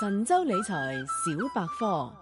神州理財小百科，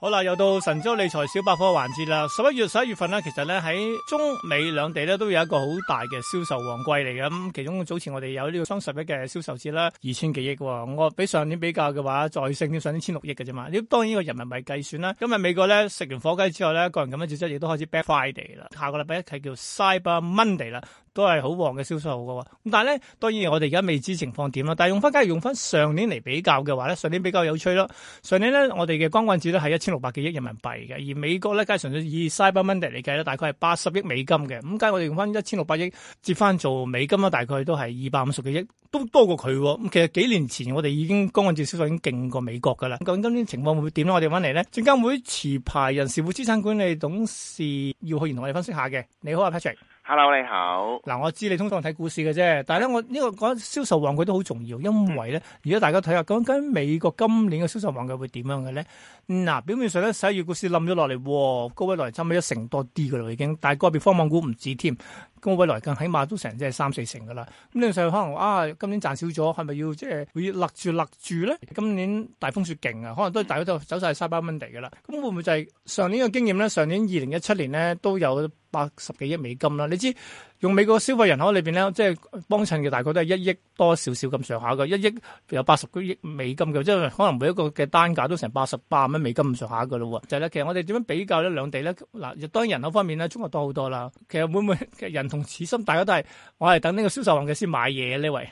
好啦，又到神州理財小百科環節啦。十一月十一月份咧，其實咧，喺中美兩地咧都有一個好大嘅銷售旺季嚟嘅。咁其中早前我哋有呢個雙十一嘅銷售節啦，二千幾億。我比上年比較嘅話，再升添上千六億嘅啫嘛。呢當然呢個人民幣計算啦。今日美國咧食完火雞之後咧，個人咁樣轉質亦都開始 Black Friday 啦。下個禮拜一係叫 Cyber Monday 啦。都係好旺嘅銷售嘅喎，咁但係咧，當然我哋而家未知情況點啦。但係用翻假如用翻上年嚟比較嘅話咧，上年比較有趣咯。上年咧，我哋嘅光棍節咧係一千六百幾億人民幣嘅，而美國咧梗係純粹以 Cyber Monday 嚟計咧，大概係八十億美金嘅。咁梗係我哋用翻一千六百億折翻做美金啦，大概都係二百五十幾億，都多過佢，哦。咁其實幾年前我哋已經光棍節銷售已經勁過美國噶啦。咁究竟今年情況會點咧？我哋翻嚟咧，證監會持牌人士時富資產管理董事姚浩然同我哋分析下嘅。你好啊，Patrick。hello 你好嗱，我知你通常睇股市嘅啫，但係咧我呢、這個講、這個這個、銷售旺季都好重要，因為咧，如果大家睇下究竟美國今年嘅銷售旺季會點樣嘅咧？嗱、嗯，表面上咧，十一月股市冧咗落嚟，高位落嚟差唔多一成多啲噶啦，已經，但係個別方望股唔止添。高位嚟更起碼都成即係三四成嘅啦，咁你上可能啊，今年賺少咗，係咪要即係、會、要勒住勒住咧？今年大風雪勁啊，可能都係大多數走晒三百蚊地嘅啦。咁會唔會就係上年嘅經驗咧？上年二零一七年咧都有八十幾億美金啦。你知？用美國消費人口裏邊咧，即係幫襯嘅大概都係一億多少少咁上下嘅，一億有八十幾億美金嘅，即係可能每一個嘅單價都成八十八蚊美金咁上下嘅咯喎。就係咧，其實我哋點樣比較呢兩地咧？嗱，當然人口方面咧，中國多好多啦。其實會唔會人同此心？大家都係我係等呢個銷售行嘅先買嘢呢位？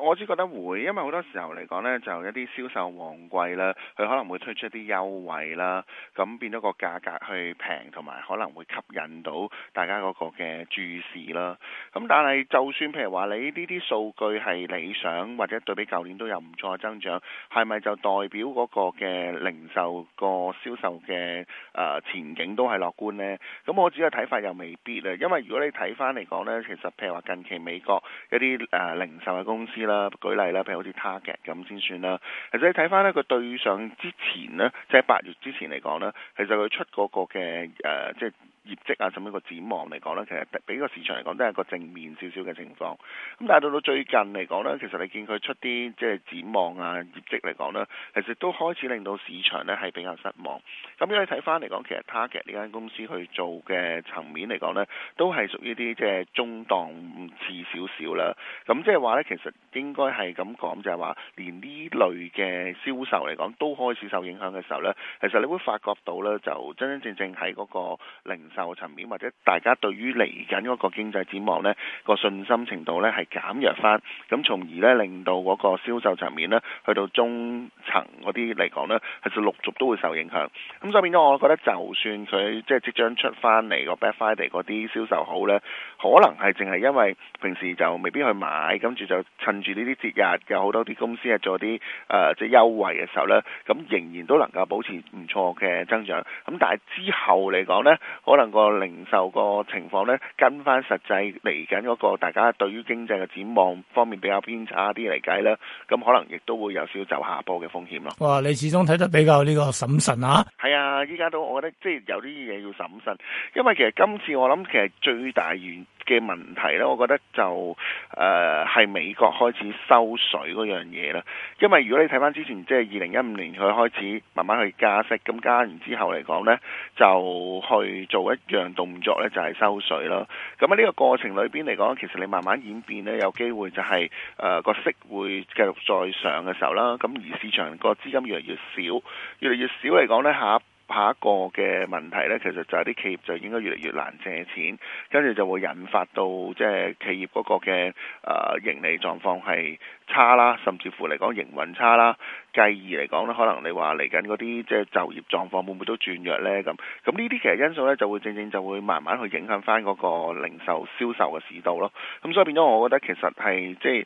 我只覺得會，因為好多時候嚟講呢，就一啲銷售旺季啦，佢可能會推出一啲優惠啦，咁變咗個價格去平，同埋可能會吸引到大家嗰個嘅注視啦。咁但係就算譬如話你呢啲數據係理想，或者對比舊年都有唔錯嘅增長，係咪就代表嗰個嘅零售個銷售嘅誒前景都係樂觀呢？咁我自己嘅睇法又未必啊，因為如果你睇返嚟講呢，其實譬如話近期美國一啲誒零售嘅公司，啲啦，舉例啦，譬如好似 Target 咁先算啦。其實你睇翻咧，佢對上之前咧，即係八月之前嚟講咧，其實佢出嗰個嘅誒，即、呃、係。即係業績啊，咁樣個展望嚟講咧，其實俾個市場嚟講都係個正面少少嘅情況。咁但係到到最近嚟講咧，其實你見佢出啲即係展望啊、業績嚟講咧，其實都開始令到市場呢係比較失望。咁、嗯、因為睇翻嚟講，其實 target 呢間公司去做嘅層面嚟講呢，都係屬於啲即係中檔次少少啦。咁、嗯、即係話呢，其實應該係咁講，就係、是、話連呢類嘅銷售嚟講都開始受影響嘅時候呢，其實你會發覺到呢，就真真正正喺嗰個零售層面或者大家對於嚟緊嗰個經濟展望咧，個信心程度咧，係減弱翻，咁從而咧，令到嗰個銷售層面咧去到中層嗰啲嚟講咧佢就陸續都會受影響，咁所以變咗，我覺得就算佢即係即將出翻嚟個 Black Friday 嗰啲銷售好咧，可能係淨係因為平時就未必去買，跟住就趁住呢啲節日有好多啲公司係做啲誒、呃、即係優惠嘅時候咧，咁仍然都能夠保持唔錯嘅增長，咁但係之後嚟講咧，可能個零售個情況咧，跟翻實際嚟緊嗰個大家對於經濟嘅展望方面比較偏差啲嚟計啦，咁可能亦都會有少少走下坡嘅風險咯。哇！你始終睇得比較呢個審慎啊？係啊，依家都我覺得即係有啲嘢要審慎，因為其實今次我諗其實最大原嘅問題呢，我覺得就誒係、呃、美國開始收水嗰樣嘢啦。因為如果你睇翻之前，即係二零一五年佢開始慢慢去加息，咁加完之後嚟講呢，就去做一樣動作呢，就係收水咯。咁喺呢個過程裏邊嚟講，其實你慢慢演變呢，有機會就係誒個息會繼續再上嘅時候啦。咁而市場個資金越嚟越少，越嚟越少嚟講呢。嚇。下一個嘅問題呢，其實就係啲企業就應該越嚟越難借錢，跟住就會引發到即係企業嗰個嘅誒、呃、盈利狀況係差啦，甚至乎嚟講營運差啦。繼而嚟講呢，可能你話嚟緊嗰啲即係就業狀況會唔會都轉弱呢？咁咁呢啲其實因素呢，就會正正就會慢慢去影響翻嗰個零售銷售嘅市道咯。咁所以變咗，我覺得其實係即係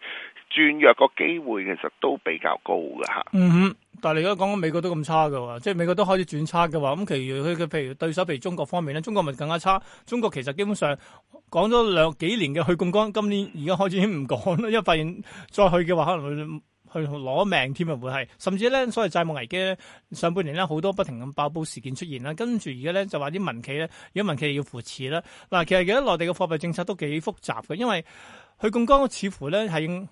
轉弱個機會，其實都比較高嘅吓。嗯。但係你而家講緊美國都咁差嘅喎，即係美國都開始轉差嘅話，咁其餘佢嘅譬如對手譬如中國方面咧，中國咪更加差？中國其實基本上講咗兩幾年嘅去槓桿，今年而家開始已經唔講啦，因為發現再去嘅話，可能會去攞命添啊，會係甚至咧，所謂債務危機咧，上半年咧好多不停咁爆煲事件出現啦，跟住而家咧就話啲民企咧，如果民企要扶持啦。嗱，其實而家內地嘅貨幣政策都幾複雜嘅，因為。佢咁講似乎咧係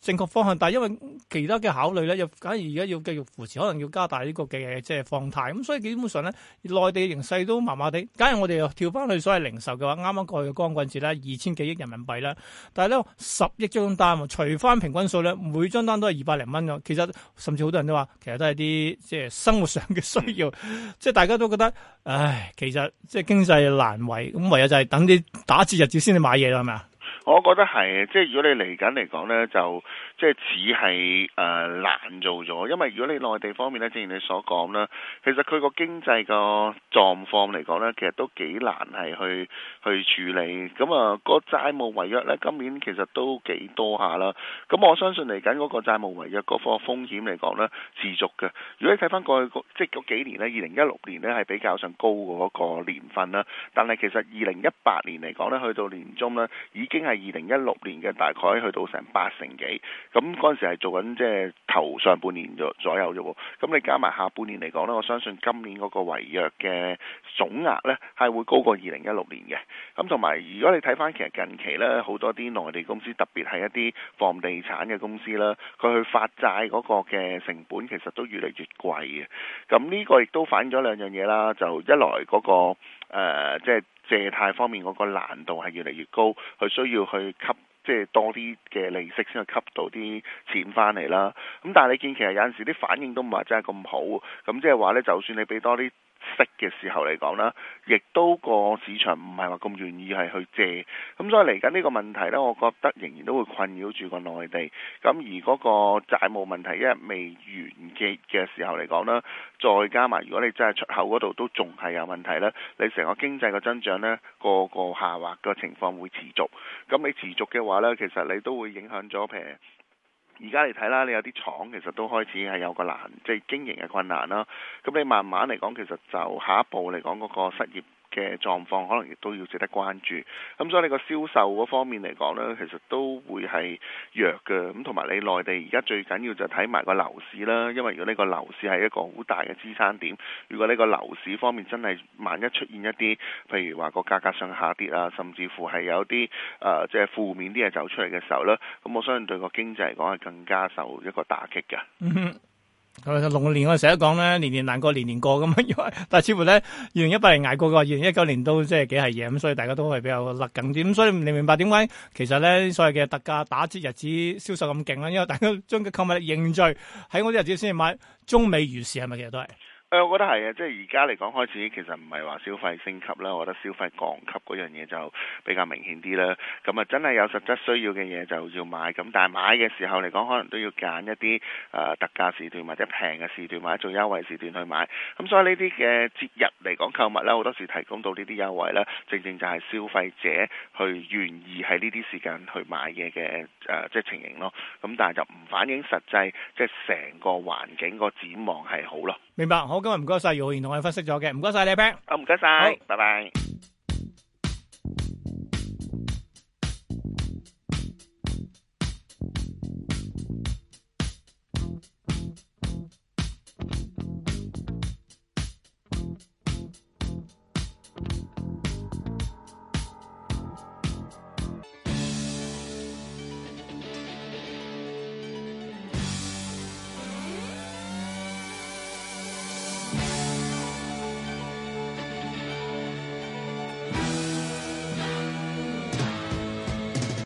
正確方向，但係因為其他嘅考慮咧，又假如而家要繼續扶持，可能要加大呢個嘅即係放貸，咁所以基本上咧，內地嘅形勢都麻麻地。假如我哋又跳翻去所謂零售嘅話，啱啱過去嘅光棍節啦，二千幾億人民幣啦，但係咧十億張單，除翻平均數咧，每張單都係二百零蚊㗎。其實甚至好多人都話，其實都係啲即係生活上嘅需要，即係大家都覺得，唉，其實即係經濟難為，咁唯有就係等啲打折日子先至買嘢啦，係咪啊？我覺得係，即係如果你嚟緊嚟講呢，就即係似係誒難做咗，因為如果你內地方面呢，正如你所講啦，其實佢個經濟個狀況嚟講呢，其實都幾難係去去處理。咁、嗯、啊，個債務違約呢，今年其實都幾多下啦。咁、嗯、我相信嚟緊嗰個債務違約嗰、個風險嚟講呢，持續嘅。如果你睇翻過去即係嗰幾年，年呢，二零一六年呢，係比較上高嘅嗰個年份啦。但係其實二零一八年嚟講呢，去到年中呢，已經係。二零一六年嘅大概去到成八成幾，咁嗰陣時係做緊即係頭上半年左右左右啫。咁你加埋下半年嚟講呢，我相信今年嗰個違約嘅總額呢，係會高過二零一六年嘅，咁同埋如果你睇翻其實近期呢，好多啲內地公司特別係一啲房地產嘅公司啦，佢去發債嗰個嘅成本其實都越嚟越貴嘅，咁呢個亦都反映咗兩樣嘢啦，就一來嗰、嗰個誒即係。呃即係借貸方面嗰個難度係越嚟越高，佢需要去吸即係、就是、多啲嘅利息先去吸到啲錢翻嚟啦。咁但係你見，其實有陣時啲反應都唔係真係咁好，咁即係話咧，就算你俾多啲息嘅時候嚟講啦，亦都個市場唔係話咁願意係去借，咁所以嚟緊呢個問題呢，我覺得仍然都會困擾住個內地，咁而嗰個債務問題一日未完結嘅時候嚟講啦，再加埋如果你真係出口嗰度都仲係有問題咧，你成個經濟嘅增長呢，個個下滑嘅情況會持續，咁你持續嘅話呢，其實你都會影響咗譬而家你睇啦，你有啲廠其實都開始係有個難，即係經營嘅困難啦。咁你慢慢嚟講，其實就下一步嚟講嗰個失業嘅狀況可能亦都要值得關注，咁所以你個銷售嗰方面嚟講呢，其實都會係弱嘅，咁同埋你內地而家最緊要就睇埋個樓市啦，因為如果呢個樓市係一個好大嘅支撐點，如果呢個樓市方面真係萬一出現一啲，譬如話個價格上下跌啊，甚至乎係有啲誒即係負面啲嘢走出嚟嘅時候呢，咁我相信對個經濟嚟講係更加受一個打擊嘅。Mm hmm. 龍年我成日講咧，年年難過年年過咁，因為但係似乎咧，二零一八年捱過嘅話，二零一九年都即係幾係嘢咁，所以大家都係比較勒緊啲咁，所以你明白點解其實咧，所謂嘅特價打折日子銷售咁勁咧，因為大家將嘅購物力凝聚喺我啲日子先至買，中美如是係咪？是是其實都係。誒、嗯，我覺得係啊，即係而家嚟講開始，其實唔係話消費升級啦，我覺得消費降級嗰樣嘢就比較明顯啲啦。咁啊，真係有實質需要嘅嘢就要買，咁但係買嘅時候嚟講，可能都要揀一啲誒、呃、特價時段或者平嘅時段或者做優惠時段去買。咁所以呢啲嘅節日嚟講購物咧，好多時提供到呢啲優惠啦，正正就係消費者去願意喺呢啲時間去買嘢嘅。誒、呃，即係情形咯，咁但係就唔反映實際，即係成個環境個展望係好咯。明白，好，今日唔該曬，姚浩然同我哋分析咗嘅，唔該晒你哋，Ben。好，唔該曬，拜拜。